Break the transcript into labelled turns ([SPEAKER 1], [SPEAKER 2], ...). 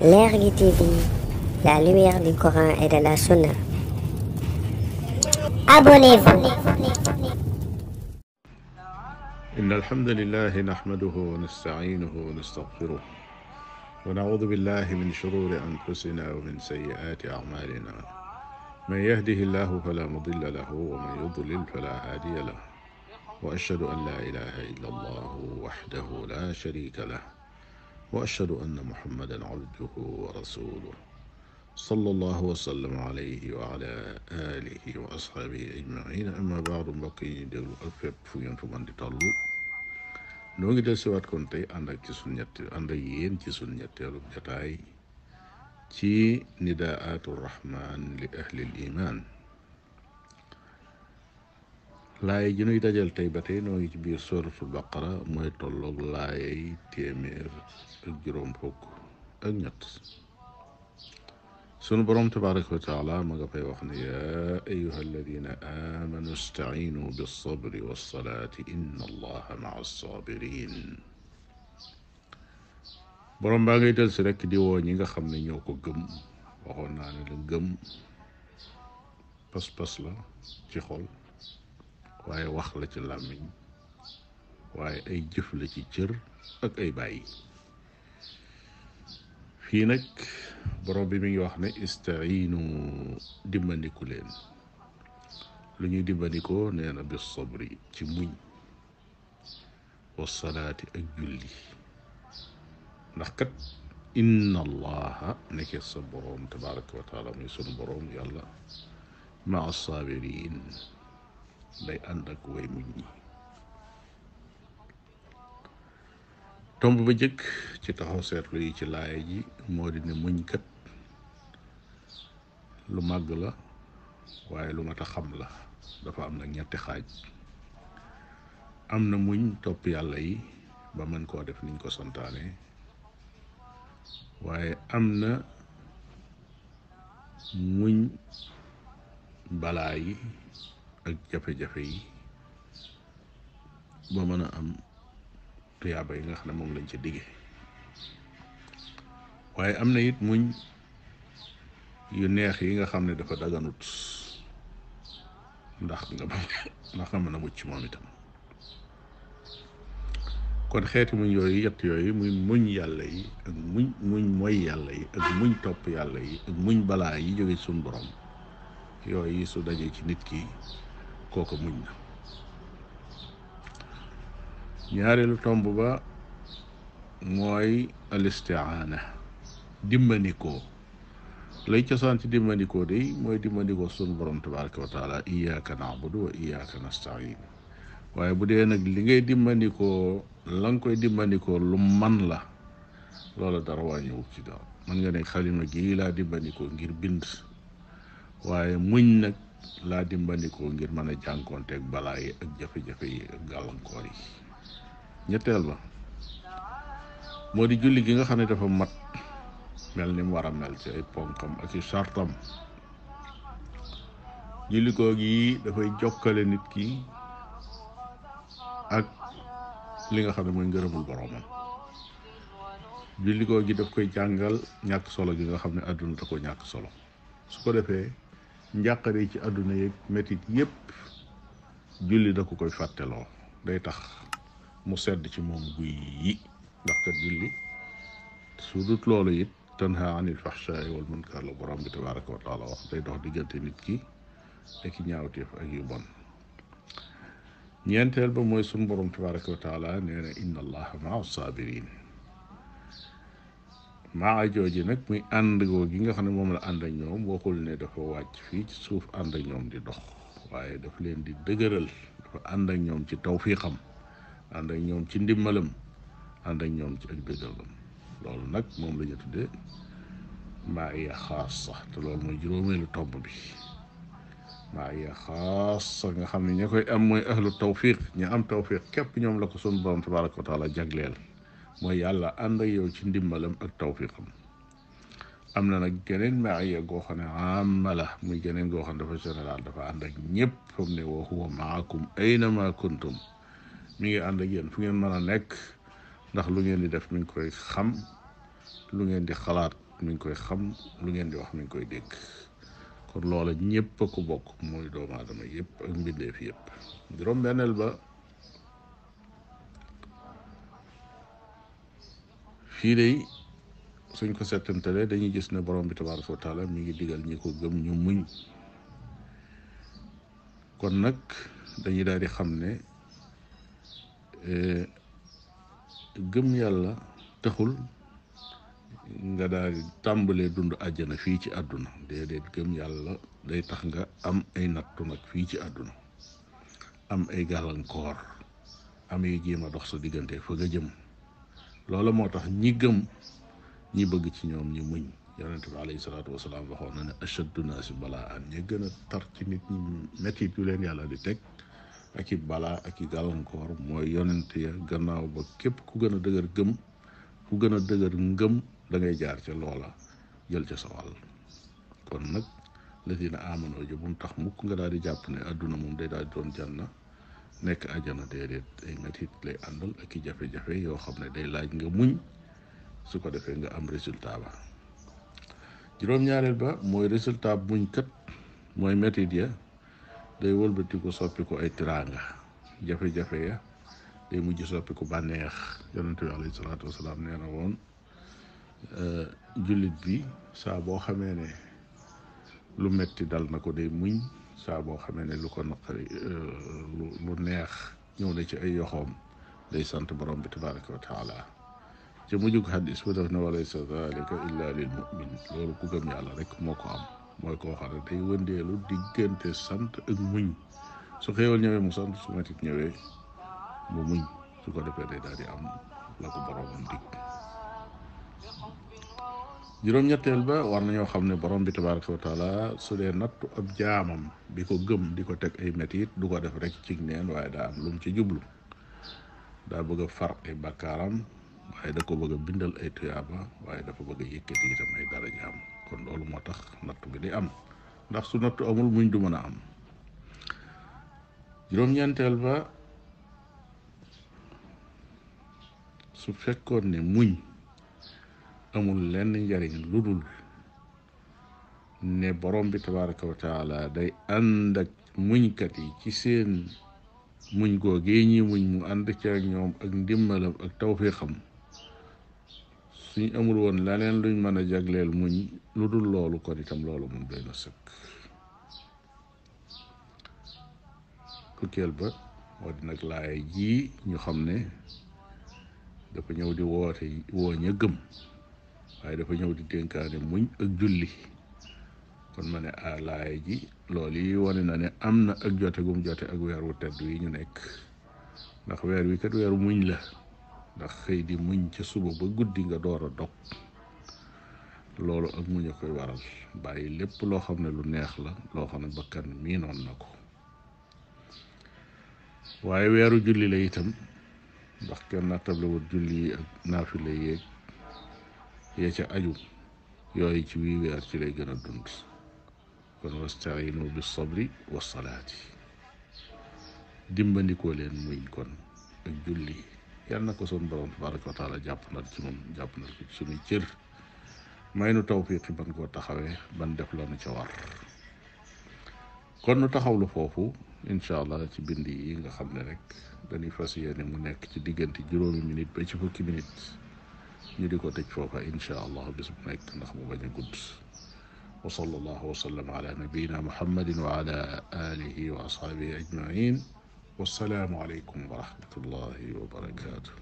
[SPEAKER 1] L'Ergue TV, la lumière du Coran et de la Sunna. Abonnez-vous. إن الحمد لله نحمده ونستعينه ونستغفره ونعوذ بالله من شرور أنفسنا ومن سيئات أعمالنا من يهده الله فلا مضل له ومن يضلل فلا هادي له وأشهد أن لا إله إلا الله وحده لا شريك له واشهد ان محمدا عبده ورسوله صلى الله وسلم عليه وعلى اله واصحابه اجمعين اما بعد بقي ديرو افيب في فوان دي تالو نوغي دي سوات كونتي اندا تي سون نيت اندا يين تي سون نيت رو جتاي تي نداءات الرحمن لاهل الايمان laay ji nuy dajal tey ba tey noo ngi ci biir sóoratul baqara mooy tolloog laayay téeméer ak juróom fukk ak ñett sunu borom tabaraka wa taala ma nga fay wax ne yaa ayuha alladina amanu istaciinu bilsabri walsalaati inna allaha maa alsabirin borom baa ngay del si rek di woo ñi nga xam ne ñoo ko gëm waxoon naa ne la gëm pas-pas la ci xol واي واخ لا سي لامين واي اي جيف لا سي تير اك اي باي في نك بروم بي مي واخ ني استعينوا ديمانديكو لين لو ني ديمانديكو نينا بالصبر تي موي والصلاه اك جولي نخكت ان الله نك الصبر تبارك وتعالى من سن بروم يلا مع الصابرين day ànd ak way muñ ñi tomb ba jëkk ci taxaw seetlu yi ci laaya ji moo di ne muñkat lu màgg la waaye lu mat a xam la dafa am nag ñetti xaaj am na muñ topp yàlla yi ba mën koo def niñ ko santaane waaye am na muñ balaa yi ak jafe-jafe yi ba mën a am tuyaaba yi nga xam ne moom lañ ci digge waaye am na it muñ yu neex yi nga xam ne dafa daganut ndax nga ba a mucc moom itam kon xeeti muñ yooyu yett yooyu muy muñ yàlla yi ak muñ muñ mooy yàlla yi ak muñ topp yàlla yi ak muñ balaa yi jóge suñ borom yooyu su dajee ci nit ki kooku muñ na ñaareelu tomb ba mooy alistiaana dimbandikoo lay cosaan ci dimbandikoo day mooy dimbandikoo sun borom tabaraka wa iyaaka naabudu waaye bu dee nag li ngay dimbandikoo la nga koy dimbandikoo lu man la loola dara wàññiwul ci daal mën nga ne xalima gii laa dimbandikoo ngir bind waaye muñ nag laa dimbandikoo ngir mën a jànkoonteeg balaa yi ak jafe-jafe yi ak gàllankoor yi ñetteel ba moo di julli gi nga dafa mat mel ni mu mel ci ay ponkam ak sartam julli googu yi dafay jokkale nit ki ak li nga xam ne mooy ngërëmul boromam julli googu daf koy jàngal ñàkk solo gi nga xam ne àdduna da ko solo su ko defee njàqare ci àdduna yeeg métit yépp julli da ko koy fàtteloo day tax mu sedd ci moom guy yi ndax kat julli su dut loolu it tanha anil fahshaai wal munkar la borom bi tabaraka wa taala wax day dox diggante nit ki ak ñaawteef ak yu bon ñeenteel ba mooy sunu borom wa taala nee na inna maa sabirin maa jooju nag muy ànd goo gi nga xam ne moom la ànd ak ñoom waxul ne dafa wàcc fii ci suuf ànd ak ñoom di dox waaye daf leen di dëgëral dafa ànd ak ñoom ci tawfiixam ànd ak ñoom ci ndimbalam ànd ak ñoom ci ak dëgëralam loolu nag moom lañu ñu tuddee maa iya sax te loolu mooy juróomeelu tomb bi maa iya xaasa nga xam ne ña koy am mooy ahlu tawfiq ña am tawfiq képp ñoom la ko sunu borom tabaraka wa taala jagleel mooy yàlla ànd ak yow ci ndimbalam ak tawfiqam am na nag geneen maaya goo xam ne amma la muy geneen goo xam ne dafa général dafa ànd ak ñëpp fam ne wa huwa maakum aynama kuntum mu ngi ànd ak yéen fu ngeen mën a nekk ndax lu ngeen di def mi ngi koy xam lu ngeen di xalaat mi ngi koy xam lu ngeen di wax mi ngi koy dégg kon loola ñëpp a bokk mooy doomu aadama yëpp ak mbindeef yëpp juróom benneel ba fii de suñ ko settantale dañuy gis ne borom bi tabaaraka wa taala mi ngi digal ñi ko gëm ñu muñ kon nag dañuy daal di xam ne eh, gëm yàlla taxul nga daal di dund àjjana fii ci àdduna déedéet gëm yàlla day tax nga am ay nattu nag fii ci àdduna am ay gàllankoor am ay jéem a dox sa diggante fa nga jëm loola moo tax ñi gëm ñi bëgg ci ñoom ñi muñ yonent bi alayhi salaatu wasalaam ne ashaddu balaa an gën a tar ci nit leen yàlla di teg ak i balaa gàllankoor mooy yonent ya gannaaw ba képp ku gën a dëgër gëm gën a dëgër ngëm da ngay jaar ca loola jël ca sa kon nag ladina amano ji bu mu tax mukk nga daal di jàpp ne àdduna moom day daal di doon jànna nekk àjjana déedéet ay métit lay àndal ak i jafe-jafe yoo xam ne day laaj nga muñ su ko defee nga am résultat ba juróom-ñaareel ba mooy résultat muñkat mooy métit ya day wëlbatiku soppi ko ay tiraanga jafe-jafe ya day mujj soppi ko bànneex yonente bi alayhi salaatu wasalaam nee na woon eh, jullit bi saa boo xamee ne lu metti dal na ko day muñ saa boo xamee ne lu ko naqari euh, lu lu neex ñëw na ci ay yoxoom day sant borom bi tabaraka wa taala ci mujjug xadis bu def ne walaysa zalika illa lil mumin ku gëm yàlla rek moo ko am mooy koo xam ne day wëndeelu diggante sant ak muñ su xéewal ñëwee mu sant su metit ñëwee mu muñ su ko defee day daal di am la ko borom juróom-ñetteel ba war ñoo xam ne borom bi tabaraka wa taala su dee nattu ab jaamam bi ko gëm di ko teg ay metit du ko def rek cig neen waaye daa am lu ci jublu daa bëgg a far ay bakkaaram waaye da ko bëgg a bindal ay tuyaaba waaye dafa bëgg a yëkkati itam ay dara jaam kon loolu moo tax nattu bi di am ndax su nattu amul muñ du mën a am juróom-ñeenteel ba su fekkoon ne muñ amul lenn njariñ ludul ne borom bi tabaraka wa taala day ànd ak muñkat yi ci seen muñ googee ñi muñ mu ànd ca ñoom ak ndimbalam ak tawfiixam suñ amul woon leneen luñ mën a jagleel muñ lu dul loolu kon itam loolu moom doy na sëkk tukkeel ba moo di nag laay jii ñu xam ne dafa ñëw di woote woo ña waaye dafa ñëw di dénkaane muñ ak julli kon ma ne alaaya ah, ji loolu yi wone na ne am na ak jote gum jote ak weer wu tedd wi ñu nekk ndax weer wi kat weer muñ la ndax xëy di muñ ca suba ba guddi nga door a dog loolu ak muñ a koy waral bàyyi lépp loo xam ne lu neex la loo xam ne bakkan miinoon na ko waaye weeru julli la itam ndax kenn nattable wut julli yi ak naafila yeeg ya ca aju yooyu ci wii weer ci lay gën a dund kon wastainu bi sabri wa salaati dimbandikoo leen muñ kon ak julli yàlla na ko son borom tabaraka wa taala jàpp nal ci moom jàpp nal ko ci suñuy cër may nu tawfiqi ban koo taxawee ban def la nu ca war kon nu taxawlu foofu incha allah ci bind yi nga xam ne rek dañuy fas yéene mu nekk ci diggante juróomi minute ba ci fukki minute ñu di ko tëj foofa inchaa allah bis bu nekk ndax mu bañ a gudd wa sallallahu wa sallam ala nabiyina muhammadin wa ala alihi wa ashaabihi ajmain wassalaamu aleykum wa rahmatullahi wa barakatuh